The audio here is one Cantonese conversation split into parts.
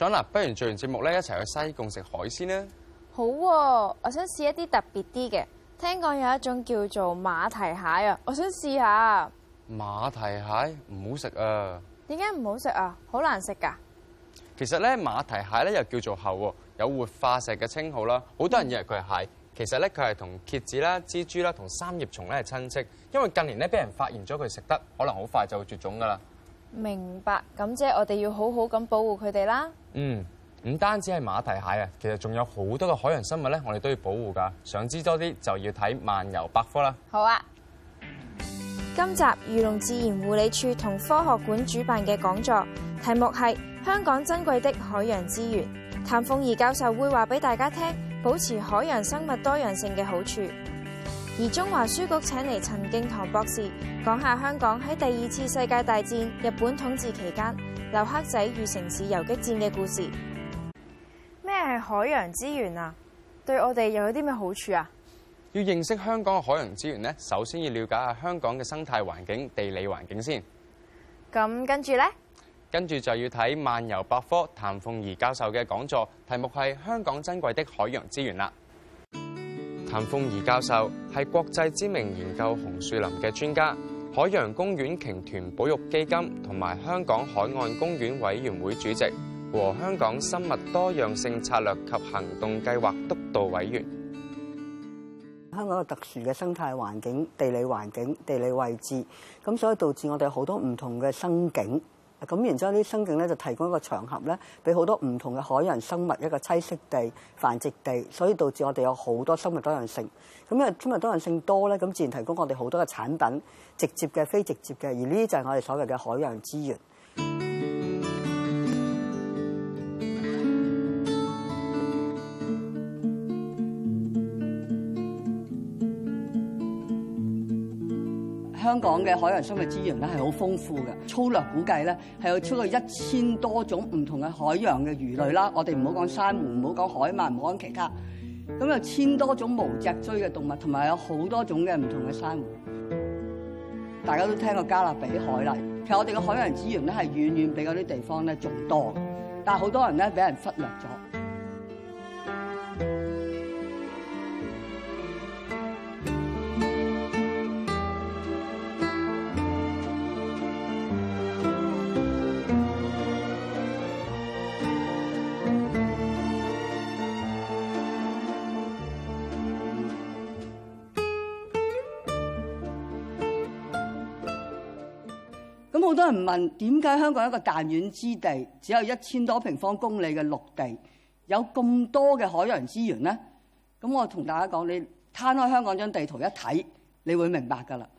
想啦，不如做完節目咧，一齊去西貢食海鮮啦！好啊，我想試一啲特別啲嘅，聽講有一種叫做馬蹄蟹啊，我想試一下。馬蹄蟹唔好食啊！點解唔好食啊？好難食㗎啊！其實咧，馬蹄蟹咧又叫做猴，有活化石嘅稱號啦。好多人以為佢係蟹，其實咧佢係同蝎子啦、蜘蛛啦、同三葉蟲咧係親戚，因為近年咧俾人發現咗佢食得，可能好快就會絕種㗎啦。明白，咁即係我哋要好好咁保護佢哋啦。嗯，唔單止係馬蹄蟹啊，其實仲有好多個海洋生物咧，我哋都要保護噶。想知多啲，就要睇漫遊百科啦。好啊。今集漁農自然護理署同科學館主辦嘅講座，題目係《香港珍貴的海洋資源》。譚鳳儀教授會話俾大家聽，保持海洋生物多樣性嘅好處。而中華書局請嚟陳敬堂博士講下香港喺第二次世界大戰日本統治期間，劉黑仔與城市游擊戰嘅故事。咩係海洋資源啊？對我哋又有啲咩好處啊？要認識香港嘅海洋資源呢，首先要了解下香港嘅生態環境、地理環境先。咁跟住呢，跟住就要睇漫遊百科譚鳳儀教授嘅講座，題目係《香港珍貴的海洋資源》啦。譚鳳儀教授係國際知名研究紅樹林嘅專家，海洋公園鯨豚保育基金同埋香港海岸公園委員會主席，和香港生物多樣性策略及行動計劃督導委員。香港有特殊嘅生態環境、地理環境、地理位置，咁所以導致我哋好多唔同嘅生境。咁然之後，啲生境咧就提供一個場合咧，俾好多唔同嘅海洋生物一個棲息地、繁殖地，所以導致我哋有好多生物多樣性。咁因為生物多樣性多咧，咁自然提供我哋好多嘅產品，直接嘅、非直接嘅，而呢啲就係我哋所謂嘅海洋資源。香港嘅海洋生物資源咧係好豐富嘅，粗略估計咧係有超過一千多種唔同嘅海洋嘅魚類啦。我哋唔好講珊瑚，唔好講海馬，唔好講其他，咁有千多種無脊椎嘅動物，同埋有好多種嘅唔同嘅珊瑚。大家都聽過加勒比海啦，其實我哋嘅海洋資源咧係遠遠比嗰啲地方咧仲多，但係好多人咧俾人忽略咗。好多人問點解香港一個彈丸之地，只有一千多平方公里嘅陸地，有咁多嘅海洋資源呢？咁我同大家講，你攤開香港張地圖一睇，你會明白㗎啦。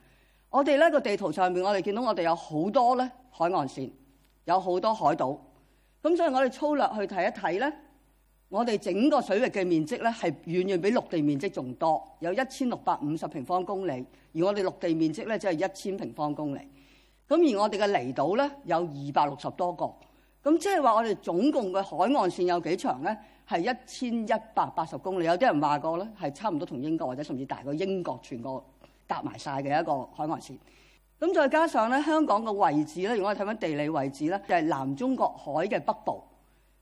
我哋呢個地圖上面，我哋見到我哋有好多咧海岸線，有好多海島。咁所以我哋粗略去睇一睇呢，我哋整個水域嘅面積呢，係遠遠比陸地面積仲多，有一千六百五十平方公里，而我哋陸地面積呢，只係一千平方公里。咁而我哋嘅離島咧有二百六十多個，咁即係話我哋總共嘅海岸線有幾長咧？係一千一百八十公里。有啲人話過咧，係差唔多同英國或者甚至大過英國全國搭埋晒嘅一個海岸線。咁再加上咧，香港嘅位置咧，如果我哋睇返地理位置咧，就係南中國海嘅北部。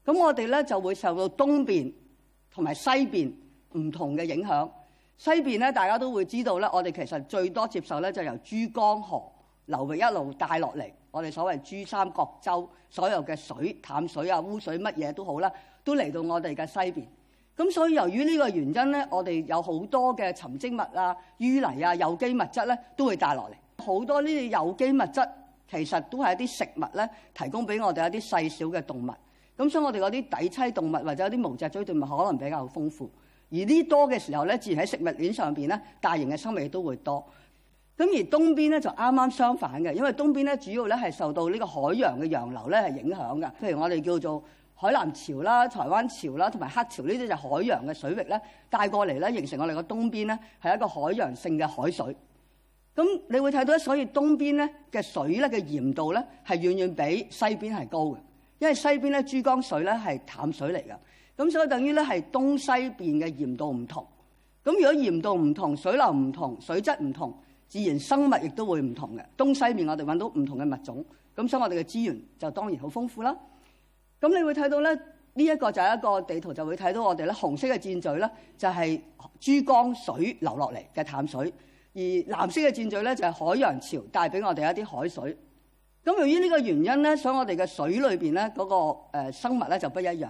咁我哋咧就會受到東邊同埋西邊唔同嘅影響。西邊咧，大家都會知道咧，我哋其實最多接受咧就由珠江河。流域一路帶落嚟，我哋所謂珠三角洲所有嘅水、淡水啊、污水乜嘢都好啦，都嚟到我哋嘅西邊。咁所以由於呢個原因咧，我哋有好多嘅沉積物啊、淤泥啊、有機物質咧，都會帶落嚟。好多呢啲有機物質其實都係一啲食物咧，提供俾我哋一啲細小嘅動物。咁所以我哋嗰啲底棲動物或者一啲無脊椎動物可能比較豐富。而呢多嘅時候咧，自然喺食物鏈上邊咧，大型嘅生物都會多。咁而東邊咧就啱啱相反嘅，因為東邊咧主要咧係受到呢個海洋嘅洋流咧係影響嘅，譬如我哋叫做海南潮啦、台灣潮啦，同埋黑潮呢啲就海洋嘅水域咧帶過嚟咧，形成我哋個東邊咧係一個海洋性嘅海水。咁你會睇到所以東邊咧嘅水咧嘅鹽度咧係遠遠比西邊係高嘅，因為西邊咧珠江水咧係淡水嚟嘅，咁所以等於咧係東西邊嘅鹽度唔同。咁如果鹽度唔同，水流唔同，水質唔同。自然生物亦都會唔同嘅。東西面，我哋揾到唔同嘅物種，咁所以我哋嘅資源就當然好豐富啦。咁你會睇到咧，呢、這、一個就係一個地圖，就會睇到我哋咧紅色嘅箭嘴咧就係珠江水流落嚟嘅淡水，而藍色嘅箭嘴咧就係海洋潮帶俾我哋一啲海水。咁由於呢個原因咧，所以我哋嘅水裏面呢，咧、那、嗰個生物咧就不一樣，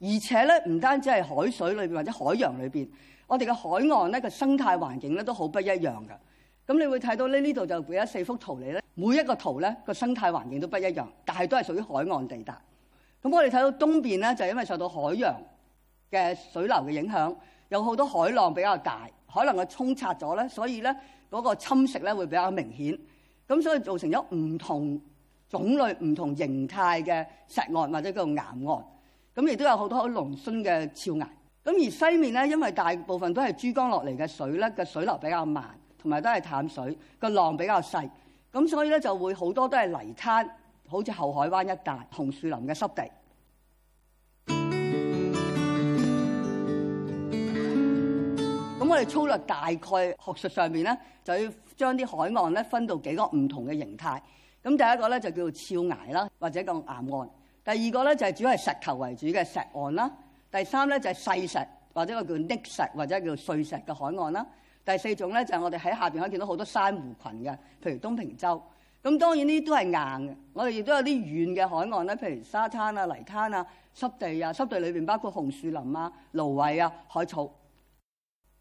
而且咧唔單止係海水裏面，或者海洋裏面，我哋嘅海岸咧個生態環境咧都好不一樣嘅。咁你會睇到咧，呢度就俾咗四幅圖嚟咧。每一個圖咧，個生態環境都不一樣，但係都係屬於海岸地帶。咁我哋睇到東邊咧，就係、因為受到海洋嘅水流嘅影響，有好多海浪比較大，海浪嘅衝刷咗咧，所以咧嗰個侵蝕咧會比較明顯。咁所以造成咗唔同種類、唔同形態嘅石岸或者叫岩岸。咁亦都有好多龍身嘅峭崖。咁而西面咧，因為大部分都係珠江落嚟嘅水咧，嘅水流比較慢。同埋都係淡水，個浪比較細，咁所以咧就會好多都係泥灘，好似後海灣一帶紅樹林嘅濕地。咁我哋粗略大概，概學術上面咧，就要將啲海岸咧分到幾個唔同嘅形態。咁第一個咧就叫做峭崖啦，或者叫岩岸；第二個咧就係主要係石頭為主嘅石岸啦；第三咧就係細石或者個叫礫石或者叫碎石嘅海岸啦。第四種咧就係、是、我哋喺下面可以見到好多珊瑚群嘅，譬如東平洲。咁當然呢啲都係硬嘅，我哋亦都有啲軟嘅海岸咧，譬如沙灘啊、泥灘啊、濕地啊，濕地裏面包括紅樹林啊、蘆葦啊、海草。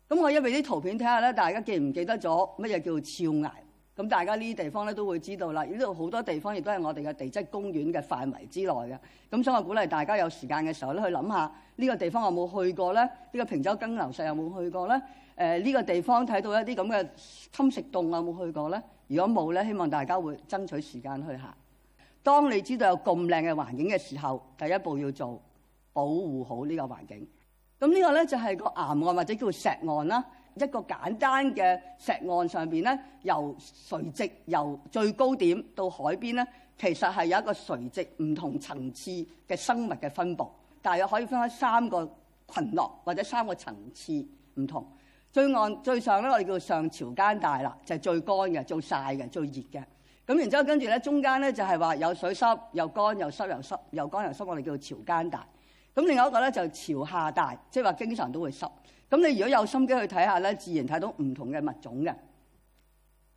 咁我一為啲圖片睇下咧，大家記唔記得咗乜嘢叫做峭崖？咁大家呢啲地方咧都會知道啦，呢度好多地方亦都係我哋嘅地質公園嘅範圍之內嘅。咁所以我鼓勵大家有時間嘅時候咧去諗下呢、這個地方有冇去過咧？呢、這個平洲更樓石有冇去過咧？誒、呃、呢、這個地方睇到一啲咁嘅侵蝕洞有冇去過咧？如果冇咧，希望大家會爭取時間去行。當你知道有咁靚嘅環境嘅時候，第一步要做保護好呢個環境。咁呢個咧就係、是、個岩岸或者叫石岸啦。一個簡單嘅石岸上邊咧，由垂直由最高點到海邊咧，其實係有一個垂直唔同層次嘅生物嘅分佈，但係可以分開三個群落或者三個層次唔同。最岸最上咧，我哋叫上潮間帶啦，就係最乾嘅、最曬嘅、最熱嘅。咁然之後跟住咧，中間咧就係話有水濕、又乾又濕、又濕又乾又濕，我哋叫做「潮間帶」。咁另外一個咧就潮下帶，即係話經常都會濕。咁你如果有心機去睇下咧，自然睇到唔同嘅物種嘅。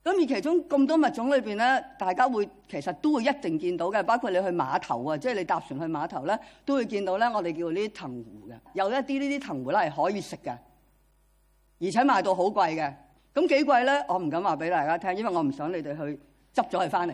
咁而其中咁多物種裏面咧，大家會其實都會一定見到嘅，包括你去碼頭啊，即係你搭船去碼頭咧，都會見到咧。我哋叫呢啲藤壺嘅，有一啲呢啲藤壺咧係可以食嘅，而且賣到好貴嘅。咁幾貴咧？我唔敢話俾大家聽，因為我唔想你哋去執咗佢翻嚟。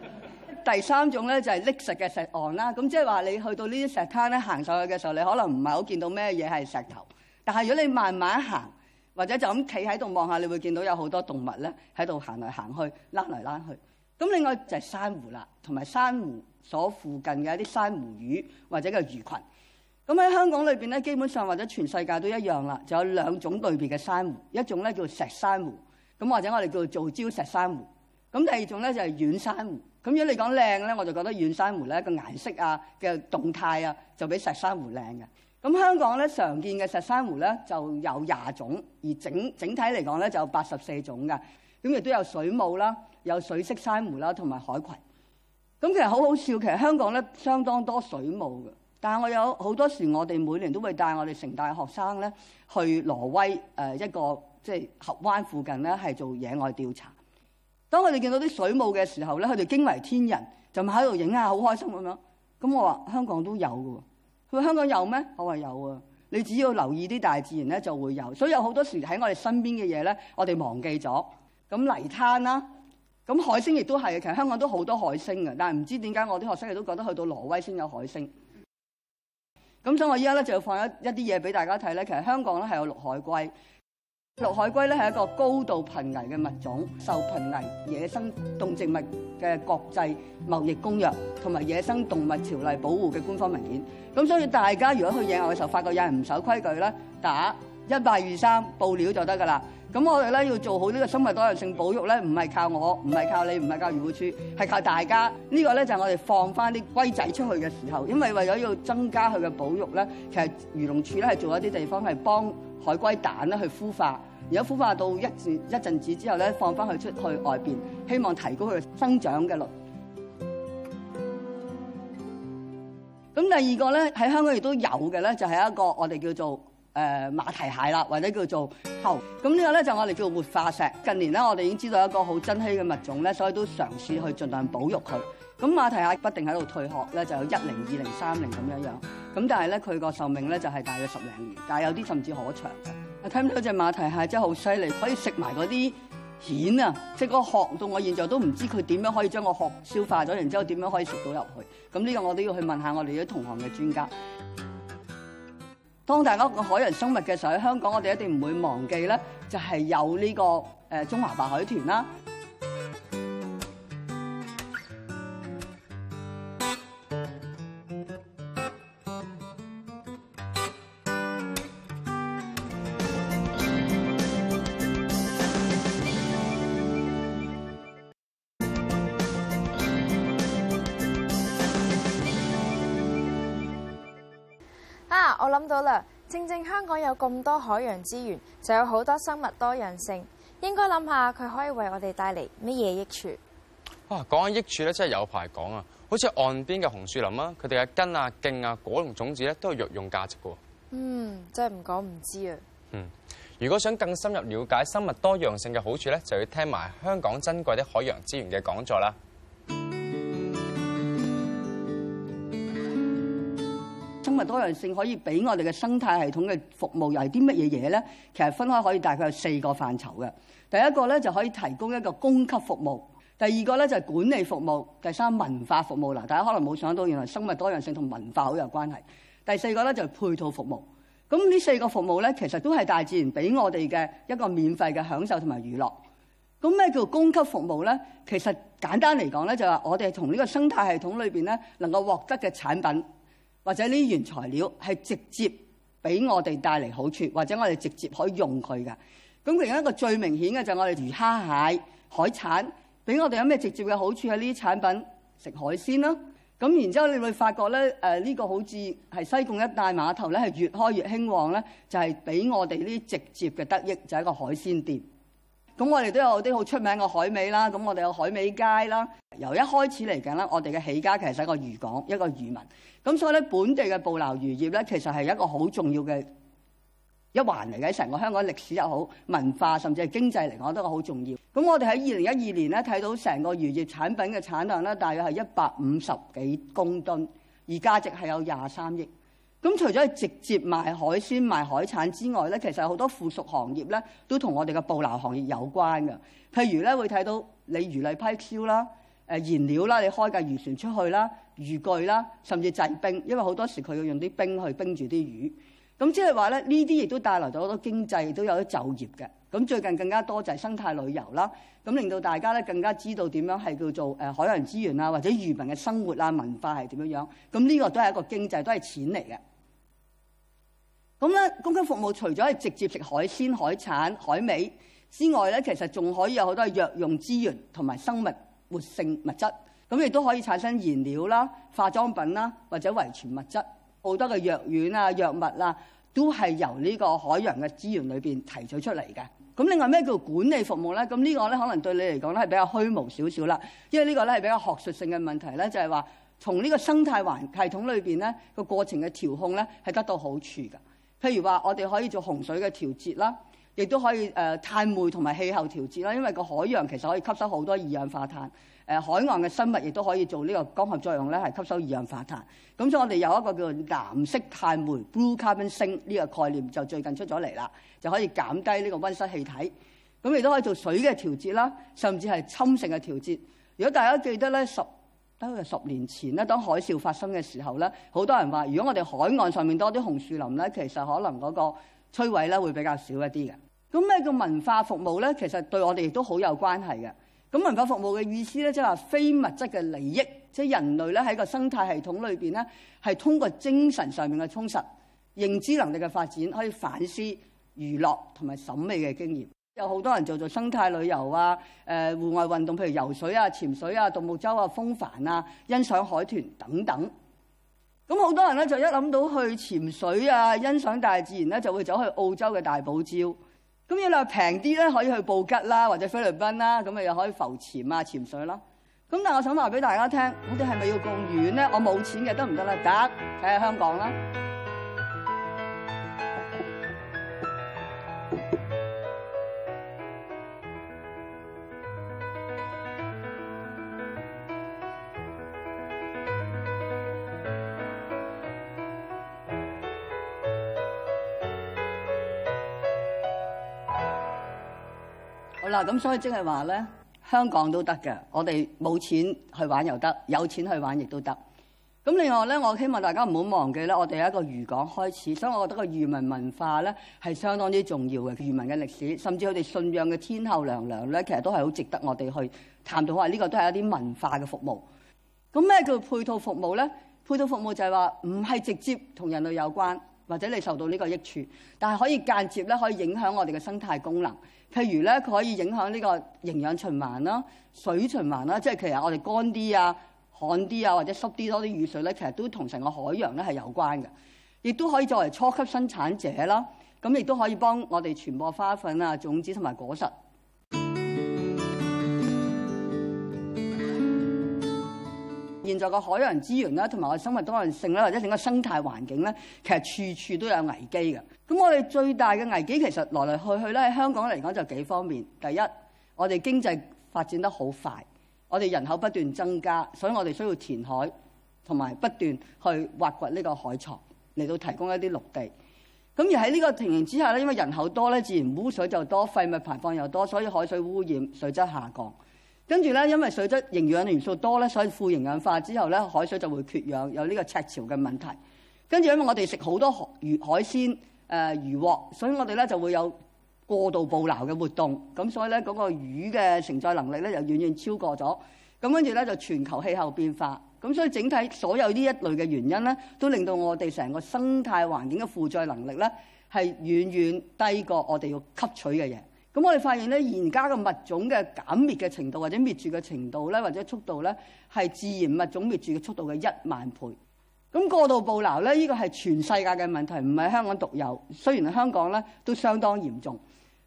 第三種咧就係礫石嘅石岸啦。咁即係話你去到呢啲石灘咧，行上去嘅時候，你可能唔係好見到咩嘢係石頭。但係如果你慢慢行，或者就咁企喺度望下，你會見到有好多動物咧喺度行嚟行去，拉嚟拉去。咁另外就係珊瑚啦，同埋珊瑚所附近嘅一啲珊瑚魚或者個魚群。咁喺香港裏面咧，基本上或者全世界都一樣啦。就有兩種類別嘅珊瑚，一種咧叫石珊瑚，咁或者我哋叫做礁石珊瑚。咁第二種咧就係、是、軟珊瑚。咁如果你講靚咧，我就覺得軟珊瑚咧個顏色啊嘅動態啊，就比石珊瑚靚嘅。咁香港咧，常見嘅石珊瑚咧就有廿種，而整整體嚟講咧就有八十四種嘅。咁亦都有水母啦，有水色珊瑚啦，同埋海葵。咁其實好好笑，其實香港咧相當多水母嘅。但係我有好多時，我哋每年都會帶我哋城大學生咧去挪威誒、呃、一個即係峽灣附近咧係做野外調查。當我哋見到啲水母嘅時候咧，佢哋驚為天人，就咪喺度影下好開心咁樣。咁我話香港都有嘅喎。佢香港有咩？我話有啊！你只要留意啲大自然咧，就會有。所以有好多時喺我哋身邊嘅嘢咧，我哋忘記咗。咁泥灘啦，咁海星亦都係。其實香港都好多海星嘅，但係唔知點解我啲學生亦都覺得去到挪威先有海星。咁所以我依家咧就要放一一啲嘢俾大家睇咧。其實香港咧係有綠海龜。陸海龜是一個高度瀕危嘅物種，受瀕危野生動植物嘅國際貿易公約同埋野生動物條例保護嘅官方文件。咁所以大家如果去野外嘅時候，發覺有人唔守規矩啦，打。一拜二三報料就得噶啦，咁我哋咧要做好呢個生物多樣性保育咧，唔係靠我，唔係靠你，唔係靠漁護處，係靠大家。呢、這個咧就係我哋放翻啲龜仔出去嘅時候，因為為咗要增加佢嘅保育咧，其實漁農處咧係做一啲地方係幫海龜蛋咧去孵化，而家孵化到一,一陣子之後咧，放翻佢出去外邊，希望提高佢嘅生長嘅率。咁第二個咧喺香港亦都有嘅咧，就係、是、一個我哋叫做。誒、呃、馬蹄蟹啦，或者叫做鱟，咁呢個咧就我哋叫活化石。近年咧，我哋已經知道一個好珍稀嘅物種咧，所以都嘗試去盡量保育佢。咁馬蹄蟹不定喺度退殼咧，就有一零、二零、三零咁樣樣。咁但係咧，佢個壽命咧就係、是、大約十零年，但係有啲甚至可長。我聽到隻馬蹄蟹真係好犀利，可以食埋嗰啲蜆啊！即係個殼到我現在都唔知佢點樣可以將個殼消化咗，然之後點樣可以食到入去。咁呢個我都要去問下我哋啲同行嘅專家。當大家講海洋生物嘅時候，香港我哋一定唔會忘記咧，就係有呢個誒中華白海豚啦。正正香港有咁多海洋資源，就有好多生物多樣性，應該諗下佢可以為我哋帶嚟乜嘢益處。啊，講下益處咧，真係有排講啊！好似岸邊嘅紅樹林啊，佢哋嘅根啊、莖啊、果同種子咧，都有藥用價值嘅。嗯，真係唔講唔知啊。嗯，如果想更深入了解生物多樣性嘅好處咧，就要聽埋香港珍貴的海洋資源嘅講座啦。多樣性可以俾我哋嘅生態系統嘅服務又係啲乜嘢嘢咧？其實分開可以大概有四個範疇嘅。第一個咧就可以提供一個供給服務，第二個咧就係管理服務，第三文化服務啦。大家可能冇想到原來生物多樣性同文化好有關係。第四個咧就係配套服務。咁呢四個服務咧，其實都係大自然俾我哋嘅一個免費嘅享受同埋娛樂。咁咩叫供給服務咧？其實簡單嚟講咧，就係我哋同呢個生態系統裏邊咧，能夠獲得嘅產品。或者呢原材料係直接俾我哋帶嚟好處，或者我哋直接可以用佢㗎。咁另一個最明顯嘅就係我哋魚蝦蟹海產，俾我哋有咩直接嘅好處係呢啲產品？食海鮮囉。咁然之後你會發覺咧，誒、這、呢個好似係西貢一帶碼頭咧係越開越興旺咧，就係、是、俾我哋呢直接嘅得益，就係、是、一個海鮮店。咁我哋都有啲好出名嘅海味啦。咁我哋有海味街啦。由一開始嚟講咧，我哋嘅起家其實係一個漁港，一個漁民。咁所以咧，本地嘅捕撈漁業咧，其實係一個好重要嘅一環嚟嘅。成個香港歷史又好，文化甚至係經濟嚟講都係好重要。咁我哋喺二零一二年咧，睇到成個漁業產品嘅產量咧，大約係一百五十幾公噸，而價值係有廿三億。咁除咗直接賣海鮮賣海產之外咧，其實好多附屬行業咧都同我哋嘅捕撈行業有關嘅。譬如咧，會睇到你魚類批銷啦、誒燃料啦、你開架漁船出去啦、漁具啦，甚至製冰，因為好多時佢要用啲冰去冰住啲魚。咁即係話咧，呢啲亦都帶來咗好多經濟，都有啲就業嘅。咁最近更加多就係生態旅遊啦，咁令到大家咧更加知道點樣係叫做誒海洋資源啊，或者漁民嘅生活啊、文化係點樣樣。咁呢個都係一個經濟，都係錢嚟嘅。咁咧，公家服務除咗係直接食海鮮、海產、海味之外咧，其實仲可以有好多係藥用資源同埋生物活性物質。咁亦都可以產生燃料啦、化妝品啦或者遺傳物質。好多嘅藥丸啊、藥物啊，都係由呢個海洋嘅資源裏面提取出嚟嘅。咁另外咩叫管理服務咧？咁呢個咧可能對你嚟講咧係比較虛無少少啦，因為呢個咧係比較學術性嘅問題咧，就係話從呢個生態環系統裏面咧個過程嘅調控咧係得到好處㗎。譬如話，我哋可以做洪水嘅調節啦，亦都可以誒碳氫同埋氣候調節啦。因為個海洋其實可以吸收好多二氧化碳，誒、呃、海岸嘅生物亦都可以做呢個光合作用咧，係吸收二氧化碳。咁所以我哋有一個叫做藍色碳煤 b l u e carbon sink） 呢個概念，就最近出咗嚟啦，就可以減低呢個溫室氣體。咁亦都可以做水嘅調節啦，甚至係侵蝕嘅調節。如果大家記得咧十都係十年前呢，當海嘯發生嘅時候呢，好多人話：如果我哋海岸上面多啲紅樹林呢，其實可能嗰個摧毀呢會比較少一啲嘅。咁咩叫文化服務呢？其實對我哋亦都好有關係嘅。咁文化服務嘅意思呢，即係話非物質嘅利益，即係人類呢喺個生態系統裏面呢，係通過精神上面嘅充實、認知能力嘅發展，可以反思娛樂同埋審美嘅經驗。有好多人做做生態旅遊啊，誒、呃、戶外運動，譬如游水啊、潛水啊、獨木舟啊、風帆啊、欣賞海豚等等。咁好多人咧就一諗到去潛水啊、欣賞大自然咧，就會走去澳洲嘅大堡礁。咁原來平啲咧，可以去布吉啦，或者菲律賓啦，咁啊又可以浮潛啊、潛水啦。咁但我想話俾大家聽，嗰啲係咪要咁遠咧？我冇錢嘅得唔得？得，睇下香港啦。嗱，咁所以即係話咧，香港都得嘅，我哋冇錢去玩又得，有錢去玩亦都得。咁另外咧，我希望大家唔好忘記咧，我哋有一個漁港開始，所以我覺得個漁民文化咧係相當之重要嘅。漁民嘅歷史，甚至佢哋信仰嘅天后娘娘咧，其實都係好值得我哋去探討。我話呢個都係一啲文化嘅服務。咁咩叫配套服務咧？配套服務就係話唔係直接同人類有關。或者你受到呢個益處，但係可以間接咧，可以影響我哋嘅生態功能。譬如咧，佢可以影響呢個營養循環啦、水循環啦。即係其實我哋乾啲啊、旱啲啊，或者濕啲多啲雨水咧，其實都同成個海洋咧係有關嘅。亦都可以作為初級生產者啦，咁亦都可以幫我哋傳播花粉啊、種子同埋果實。現在嘅海洋資源啦，同埋我哋生物多樣性啦，或者整個生態環境咧，其實處處都有危機嘅。咁我哋最大嘅危機其實來來去去咧，喺香港嚟講就幾方面。第一，我哋經濟發展得好快，我哋人口不斷增加，所以我哋需要填海同埋不斷去挖掘呢個海床嚟到提供一啲陸地。咁而喺呢個情形之下咧，因為人口多咧，自然污水就多，廢物排放又多，所以海水污染、水質下降。跟住咧，因為水質營養元素多咧，所以富營養化之後咧，海水就會缺氧，有呢個赤潮嘅問題。跟住，因為我哋食好多海魚、海鮮、誒、呃、漁獲，所以我哋咧就會有過度捕撈嘅活動。咁所以咧，嗰、那個魚嘅承載能力咧，就遠遠超過咗。咁跟住咧，就全球氣候變化。咁所以整體所有呢一類嘅原因咧，都令到我哋成個生態環境嘅負載能力咧，係遠遠低過我哋要吸取嘅嘢。咁我哋發現咧，而家嘅物種嘅減滅嘅程度，或者滅絕嘅程度咧，或者速度咧，係自然物種滅絕嘅速度嘅一萬倍。咁過度捕撈咧，呢個係全世界嘅問題，唔係香港獨有。雖然香港咧都相當嚴重。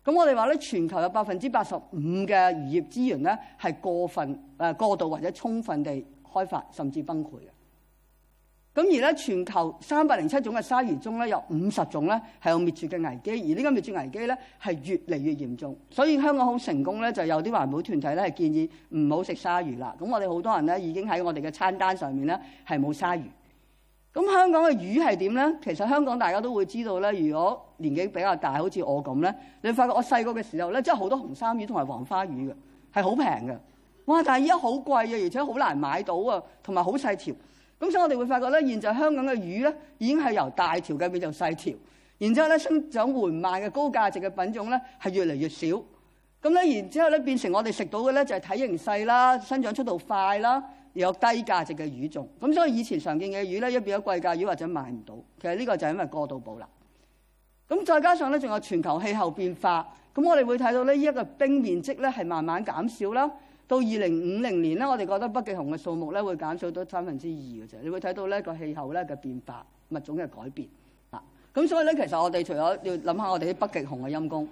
咁我哋話咧，全球有百分之八十五嘅漁業資源咧，係過分誒過度或者充分地開發甚至崩潰嘅。咁而咧，全球三百零七種嘅鯊魚中咧，有五十種咧係有滅絕嘅危機，而呢個滅絕危機咧係越嚟越嚴重。所以香港好成功咧，就有啲環保團體咧係建議唔好食鯊魚啦。咁我哋好多人咧已經喺我哋嘅餐單上面咧係冇鯊魚。咁香港嘅魚係點咧？其實香港大家都會知道咧，如果年紀比較大，好似我咁咧，你發覺我細個嘅時候咧，真係好多紅衫魚同埋黃花魚嘅，係好平嘅。哇！但係依家好貴啊，而且好難買到啊，同埋好細條。咁所以我哋會發覺咧，現在香港嘅魚咧已經係由大條嘅變做細條，然之後咧生長緩慢嘅高價值嘅品種咧係越嚟越少。咁咧，然之後咧變成我哋食到嘅咧就係體型細啦、生長速度快啦，又有低價值嘅魚種。咁所以以前常見嘅魚咧，一變咗貴價魚或者賣唔到。其實呢個就係因為過度捕撈。咁再加上咧，仲有全球氣候變化。咁我哋會睇到呢一個冰面積咧係慢慢減少啦。到二零五零年咧，我哋覺得北極熊嘅數目咧會減少到三分之二嘅啫。你會睇到呢個氣候咧嘅變化，物種嘅改變啊。咁所以咧，其實我哋除咗要諗下我哋啲北極熊嘅陰功，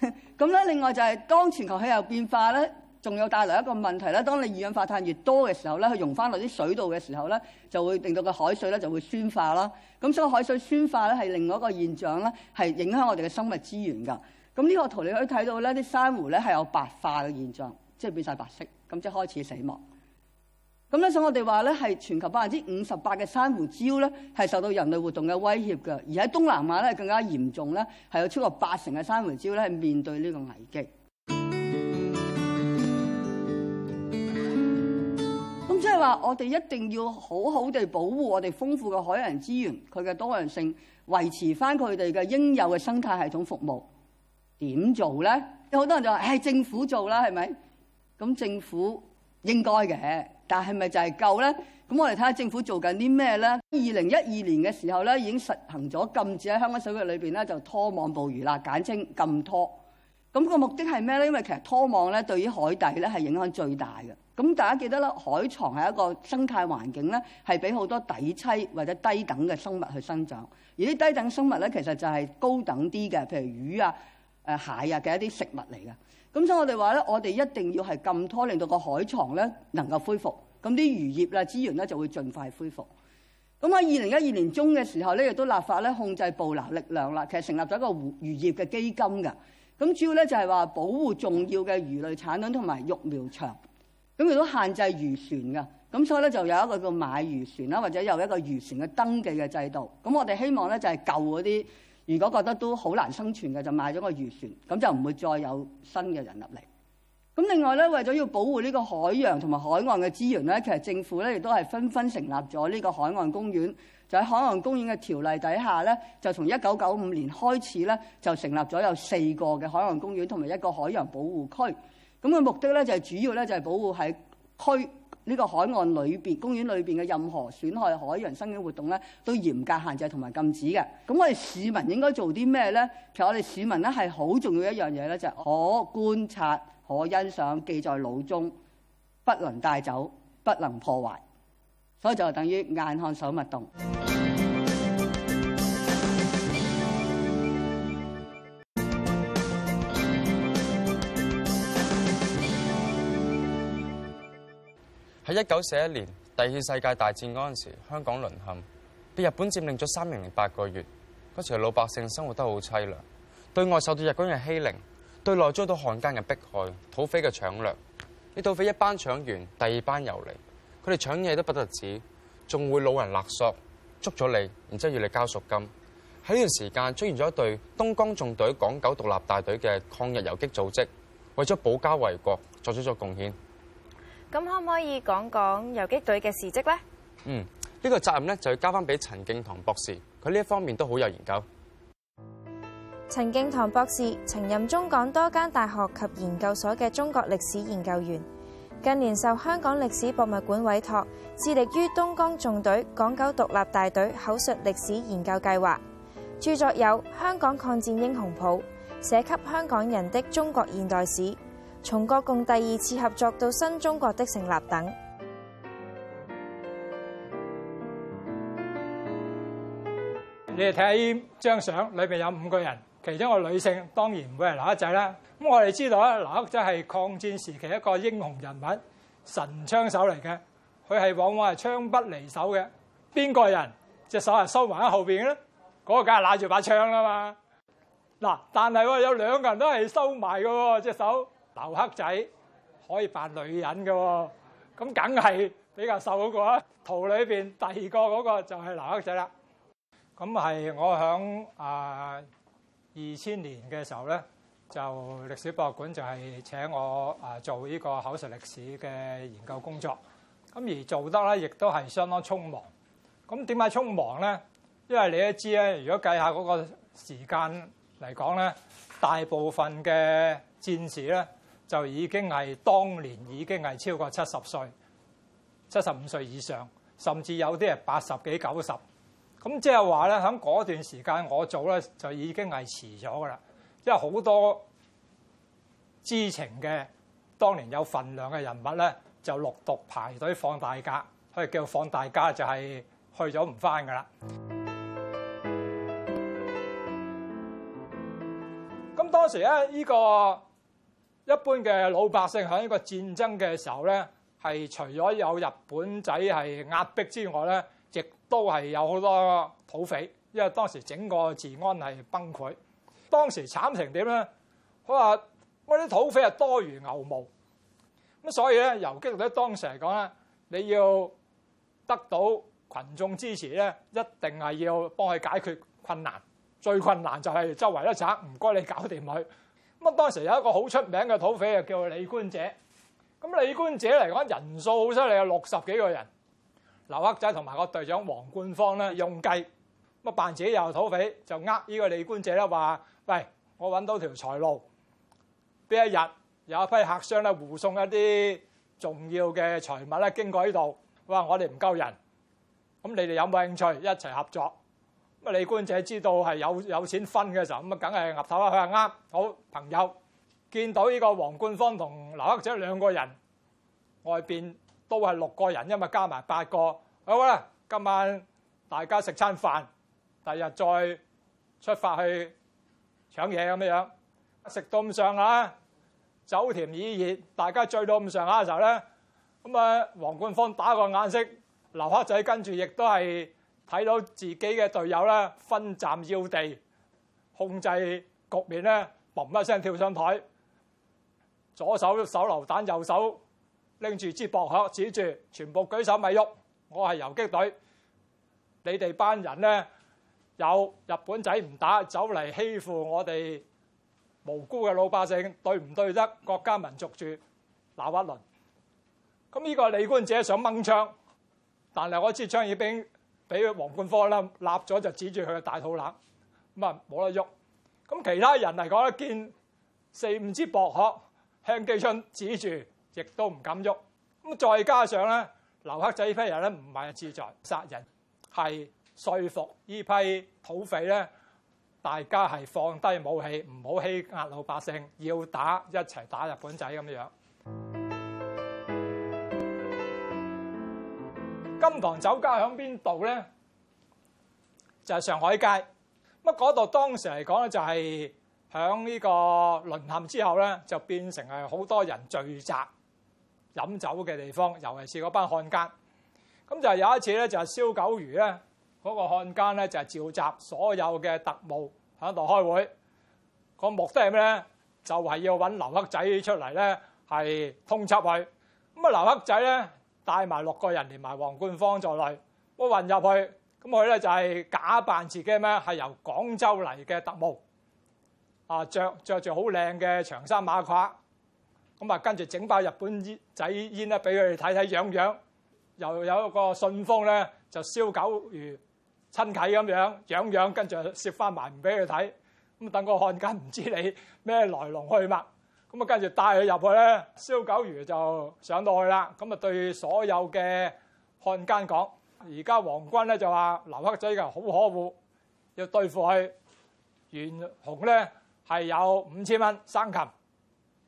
咁 咧另外就係、是、當全球氣候變化咧，仲有帶來一個問題咧。當你二氧化碳越多嘅時候咧，佢溶翻落啲水度嘅時候咧，就會令到個海水咧就會酸化啦。咁所以海水酸化咧係另外一個現象咧，係影響我哋嘅生物資源㗎。咁呢個圖你可以睇到咧，啲珊瑚咧係有白化嘅現象。即係變晒白色，咁即係開始死亡。咁咧，所以我哋話咧，係全球百分之五十八嘅珊瑚礁咧，係受到人類活動嘅威脅嘅。而喺東南亞咧，更加嚴重咧，係有超過八成嘅珊瑚礁咧，係面對呢個危機。咁即係話， 我哋一定要好好地保護我哋豐富嘅海洋資源，佢嘅多樣性，維持翻佢哋嘅應有嘅生態系統服務。點做咧？有好多人就話：係、哎、政府做啦，係咪？咁政府應該嘅，但係咪就係夠咧？咁我哋睇下政府做緊啲咩咧？二零一二年嘅時候咧，已經實行咗禁止喺香港水域裏邊咧就拖網捕魚啦，簡稱禁拖。咁個目的係咩咧？因為其實拖網咧對於海底咧係影響最大嘅。咁大家記得啦，海床係一個生態環境咧，係俾好多底棲或者低等嘅生物去生長。而啲低等生物咧，其實就係高等啲嘅，譬如魚啊，誒蟹啊嘅一啲食物嚟嘅，咁所以我哋話咧，我哋一定要係禁拖，令到個海床咧能夠恢復，咁啲漁業啦資源咧就會盡快恢復。咁喺二零一二年中嘅時候咧，亦都立法咧控制捕撈力量啦，其實成立咗一個漁漁業嘅基金㗎。咁主要咧就係話保護重要嘅魚類產卵同埋育苗場，咁亦都限制漁船㗎。咁所以咧就有一個叫買漁船啦，或者有一個漁船嘅登記嘅制度。咁我哋希望咧就係救嗰啲。如果覺得都好難生存嘅，就買咗個漁船，咁就唔會再有新嘅人入嚟。咁另外咧，為咗要保護呢個海洋同埋海岸嘅資源咧，其實政府咧亦都係紛紛成立咗呢個海岸公園。就喺海岸公園嘅條例底下咧，就從一九九五年開始咧，就成立咗有四個嘅海岸公園同埋一個海洋保護區。咁嘅目的咧，就係主要咧就係保護喺區。呢、這個海岸裏邊公園裏邊嘅任何損害海洋生態活動咧，都嚴格限制同埋禁止嘅。咁我哋市民應該做啲咩咧？其實我哋市民咧係好重要的一樣嘢咧，就係、是、可觀察、可欣賞、記在腦中，不能帶走、不能破壞。所以就等於眼看手勿動。一九四一年第二次世界大戰嗰陣時，香港淪陷，被日本佔領咗三年零八個月。嗰時老百姓生活得好淒涼，對外受到日軍嘅欺凌，對內遭到漢奸嘅迫害、土匪嘅搶掠。你土匪一班搶完，第二班又嚟，佢哋搶嘢都不得止，仲會老人勒索，捉咗你，然之後要你交贖金。喺呢段時間出現咗一隊東江縱隊港九獨立大隊嘅抗日游擊組織，為咗保家衛國，作出咗貢獻。咁可唔可以講講遊擊隊嘅事蹟呢？嗯，呢個責任呢，就要交翻俾陳敬堂博士，佢呢一方面都好有研究。陳敬堂博士曾任中港多間大學及研究所嘅中國歷史研究員，近年受香港歷史博物館委託，致力於東江縱隊、港九獨立大隊口述歷史研究計劃，著作有《香港抗戰英雄譜》、《寫給香港人的中國現代史》。從國共第二次合作到新中國的成立等，你哋睇下呢張相裏面有五個人，其中個女性當然唔會係劉黑仔啦。咁我哋知道咧，劉黑仔係抗戰時期一個英雄人物，神槍手嚟嘅。佢係往往係槍不離手嘅。邊個人隻手係收埋喺後面嘅咧？嗰個梗係拿住把槍啦嘛。嗱，但係喎有兩個人都係收埋嘅喎，隻手。劉黑仔可以扮女人嘅喎、哦，咁梗係比較瘦嗰個啦。圖裏邊第二個嗰個就係劉黑仔啦。咁係我響啊二千年嘅時候咧，就歷史博物館就係請我啊做呢個口述歷史嘅研究工作。咁而做得咧，亦都係相當匆忙。咁點解匆忙咧？因為你都知咧，如果計下嗰個時間嚟講咧，大部分嘅戰士咧。就已經係當年已經係超過七十歲、七十五歲以上，甚至有啲係八十幾、九十。咁即係話咧，喺嗰段時間我做咧，就已經係遲咗噶啦。即係好多知情嘅當年有份量嘅人物咧，就陸續排隊放大假，佢叫放大假就係去咗唔翻噶啦。咁當時咧呢、呢個。一般嘅老百姓喺呢個戰爭嘅時候咧，係除咗有日本仔係壓迫之外咧，亦都係有好多土匪，因為當時整個治安係崩潰。當時慘成點咧？佢話我啲土匪係多如牛毛。咁所以咧，游擊隊當時嚟講咧，你要得到群眾支持咧，一定係要幫佢解決困難。最困難就係周圍一賊唔該你搞掂佢。咁啊！當時有一個好出名嘅土匪啊，叫做李官者。咁李官者嚟講，人數好犀利啊，有六十幾個人。劉黑仔同埋個隊長黃冠芳咧，用計。乜扮自己又係土匪，就呃呢個李官者咧話：喂，我揾到條財路。邊一日有一批客商咧，護送一啲重要嘅財物咧，經過呢度。我話我哋唔夠人，咁你哋有冇興趣一齊合作？咁李官者知道係有有錢分嘅時候，咁啊，梗係岌頭啦。佢係呃好朋友見到呢個黃冠芳同劉黑仔兩個人外邊都係六個人，因為加埋八個。好啦，今晚大家食餐飯，第日再出發去搶嘢咁樣。食到咁上下，酒酣耳熱，大家醉到咁上下嘅時候咧，咁啊，黃冠芳打個眼色，劉黑仔跟住亦都係。睇到自己嘅隊友咧，分站要地控制局面咧，嘣一聲跳上台，左手手榴彈，右手拎住支駁殼，指住，全部舉手咪喐。我係游擊隊，你哋班人咧，有日本仔唔打，走嚟欺負我哋無辜嘅老百姓，對唔對得國家民族住？嗱，一輪咁，呢個李官者想掹槍，但係我一支槍已兵。俾黃冠科啦，立咗就指住佢嘅大肚腩，咁啊，冇得喐。咁其他人嚟講，一見四五支薄殼輕機槍指住，亦都唔敢喐。咁再加上咧，劉黑仔呢批人咧唔係志在殺人，係說服呢批土匪咧。大家係放低武器，唔好欺壓老百姓，要打一齊打日本仔咁樣。金堂酒家喺邊度咧？就係上海街。乜嗰度當時嚟講咧，就係響呢個淪陷之後咧，就變成係好多人聚集飲酒嘅地方，尤其是嗰班漢奸。咁就係有一次咧，就係蕭九如咧，嗰個漢奸咧，就係召集所有嘅特務喺度開會。個目的係咩咧？就係要揾劉黑仔出嚟咧，係通緝佢。咁啊，劉黑仔咧～帶埋六個人，連埋黃冠芳在內，我運入去，咁佢咧就係假扮自己咩？係由廣州嚟嘅特務，啊，着着住好靚嘅長衫馬褂，咁啊跟住整包日本仔煙咧俾佢哋睇睇樣樣，又有一個信封咧，就燒狗魚親啟咁樣樣樣，跟住食翻埋唔俾佢睇，咁等個漢奸唔知你咩來龍去脈。咁啊，跟住帶佢入去咧，蕭九如就上到去啦。咁啊，對所有嘅漢奸講：而家皇軍咧就話劉黑仔嘅好可惡，要對付佢。袁洪咧係有五千蚊生擒，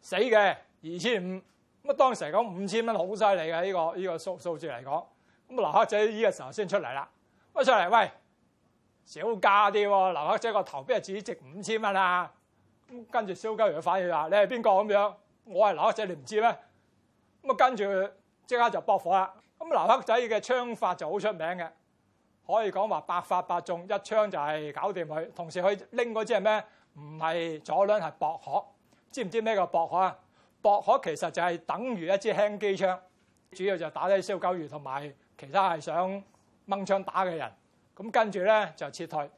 死嘅二千五。咁啊，當時講五千蚊好犀利嘅呢個呢個數,數字嚟講。咁啊，劉黑仔呢個時候先出嚟啦。喂，出嚟喂，少加啲喎！劉黑仔個頭邊係自己值五千蚊啊？跟住，燒鳩魚嘅反應話：你係邊個咁樣？我係劉黑仔，你唔知咩？咁啊，跟住即刻就駁火啦。咁劉黑仔嘅槍法就好出名嘅，可以講話百發百中，一槍就係搞掂佢。同時佢拎嗰支係咩？唔係左輪，係駁殼。知唔知咩叫駁殼啊？駁殼其實就係等於一支輕機槍，主要就打低燒鳩魚同埋其他係想掹槍打嘅人。咁跟住咧就撤退。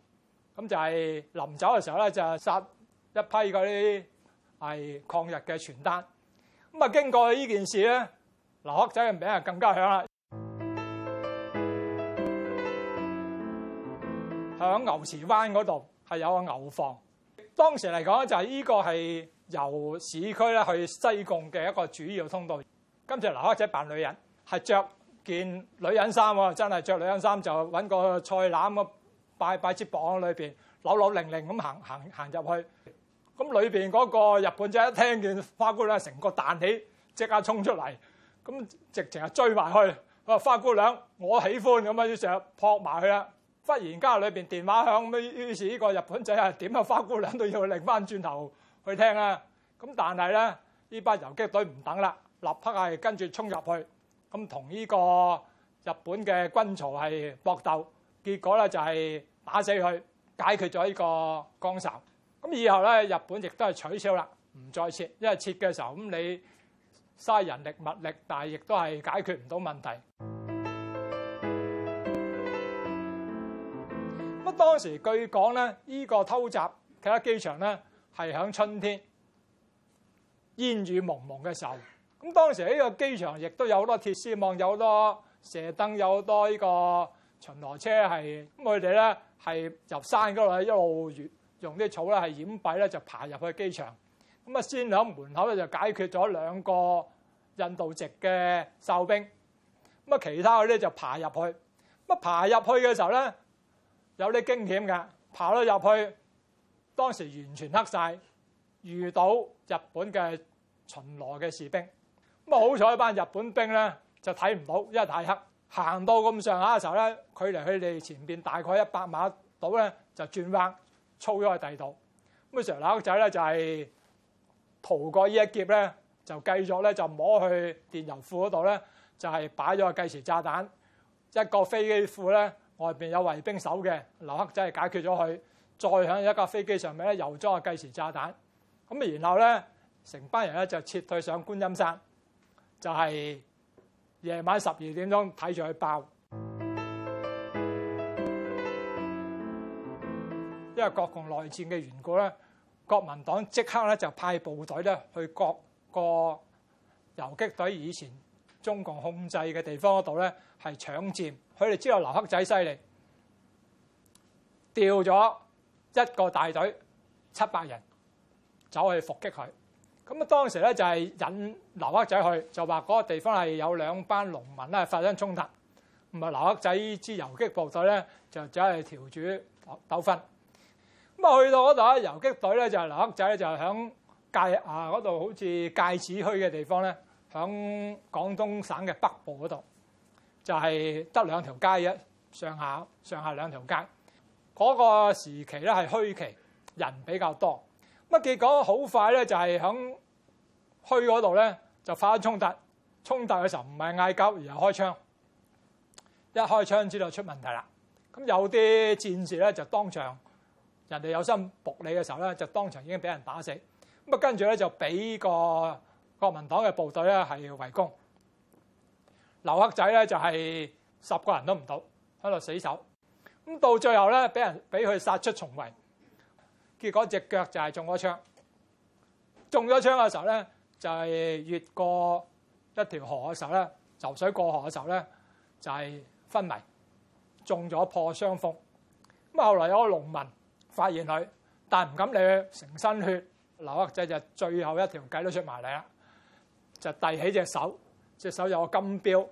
咁就係臨走嘅時候咧，就殺。一批嗰啲係抗日嘅傳單，咁啊經過呢件事咧，劉黑仔嘅名啊更加響啦。響牛池灣嗰度係有個牛房，當時嚟講就係呢個係由市區咧去西貢嘅一個主要通道。今次劉黑仔扮女人，係着件女人衫喎，真係着女人衫就揾個菜籃個拜拜支綁喺裏邊，扭扭擰擰咁行行行入去。咁裏邊嗰個日本仔一聽見花姑娘，成個彈起即刻衝出嚟，咁直情係追埋去。佢話花姑娘，我喜歡咁啊，於是就撲埋去啦。忽然間裏邊電話響，咁於是呢個日本仔啊，點啊花姑娘都要擰翻轉頭去聽啊。咁但係咧，呢班遊擊隊唔等啦，立刻係跟住衝入去，咁同呢個日本嘅軍曹係搏鬥。結果咧就係打死佢，解決咗呢個江殺。咁以後咧，日本亦都係取消啦，唔再設，因為設嘅時候咁你嘥人力物力，但係亦都係解決唔到問題。咁啊， 當時據講咧，呢、呢個偷襲其他機場咧，係喺春天煙雨濛濛嘅時候。咁當時呢個機場亦都有好多鐵絲網，有好多射燈，有好多呢個巡邏車，係咁佢哋咧係入山嗰度一路越。用啲草咧係掩蔽咧，就爬入去機場。咁啊，先喺門口咧就解決咗兩個印度籍嘅哨兵。咁啊，其他嘅咧就爬入去。咁啊，爬入去嘅時候咧，有啲驚險嘅，爬得入去。當時完全黑晒，遇到日本嘅巡邏嘅士兵。咁啊，好彩班日本兵咧就睇唔到，因為太黑。行到咁上下嘅時候咧，距離佢哋前邊大概一百碼度咧就轉彎。操咗去第度，咁啊！成日劉黑仔咧就係逃過呢一劫咧，就繼續咧就摸去電油庫嗰度咧，就係、是、擺咗個計時炸彈。一個飛機庫咧外面有衛兵守嘅，劉黑仔係解決咗佢，再喺一架飛機上面咧又裝個計時炸彈。咁啊，然後咧成班人咧就撤退上觀音山，就係、是、夜晚十二點鐘睇住佢爆。因為國共內戰嘅緣故咧，國民黨即刻咧就派部隊咧去各個遊擊隊以前中共控制嘅地方嗰度咧，係搶佔。佢哋知道劉黑仔犀利，調咗一個大隊七百人走去伏擊佢。咁啊，當時咧就係引劉黑仔去，就話嗰個地方係有兩班農民咧發生衝突，唔係劉黑仔支遊擊部隊咧就走去調處糾紛。咁、就是、啊，去到嗰度咧，游擊隊咧就係劉黑仔咧，就係響戒啊嗰度，好似戒指墟嘅地方咧，響廣東省嘅北部嗰度，就係、是、得兩條街一上下，上下兩條街。嗰、那個時期咧係墟期，人比較多。咁結果好快咧，就係、是、響墟嗰度咧就發生衝突，衝突嘅時候唔係嗌交，而係開槍。一開槍知道出問題啦。咁有啲戰士咧就當場。人哋有心仆你嘅時候咧，就當場已經俾人打死。咁啊，跟住咧就俾個國民黨嘅部隊咧係圍攻。劉黑仔咧就係十個人都唔到，喺度死守。咁到最後咧，俾人俾佢殺出重圍。結果隻腳就係中咗槍，中咗槍嘅時候咧就係、是、越過一條河嘅時候咧，就游水過河嘅時候咧就係、是、昏迷，中咗破傷風。咁啊，後來有個農民。發現佢，但唔敢你去，成身血。劉黑仔就最後一條計都出埋嚟啦，就遞起一隻手，隻手有個金錶，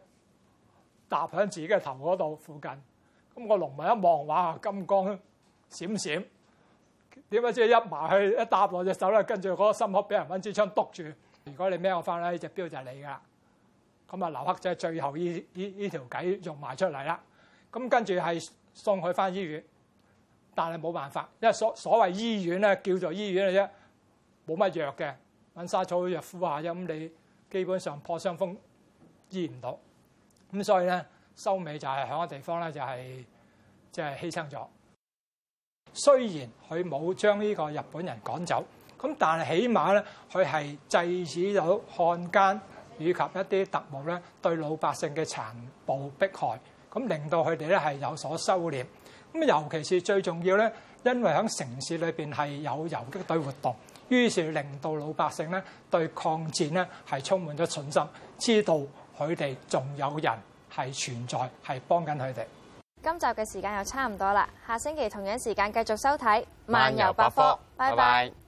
搭響自己嘅頭嗰度附近。咁、嗰個農民一望，哇！金光閃閃，點不知一埋去一搭落隻手咧，跟住嗰個心口俾人揾支槍篤住。如果你孭我翻咧，呢隻錶就係你噶。咁啊，劉黑仔最後呢依依條計用埋出嚟啦。咁跟住係送佢翻醫院。但係冇辦法，因為所所謂醫院咧叫做醫院嘅啫，冇乜藥嘅，揾沙草藥敷下啫。咁你基本上破傷風醫唔到，咁所以咧收尾就係喺個地方咧就係即係犧牲咗。雖然佢冇將呢個日本人趕走，咁但係起碼咧佢係制止到漢奸以及一啲特務咧對老百姓嘅殘暴迫害，咁令到佢哋咧係有所收斂。咁尤其是最重要咧，因為喺城市裏邊係有游擊隊活動，於是令到老百姓咧對抗戰咧係充滿咗信心，知道佢哋仲有人係存在，係幫緊佢哋。今集嘅時間又差唔多啦，下星期同樣時間繼續收睇《漫遊百科》，科拜拜。拜拜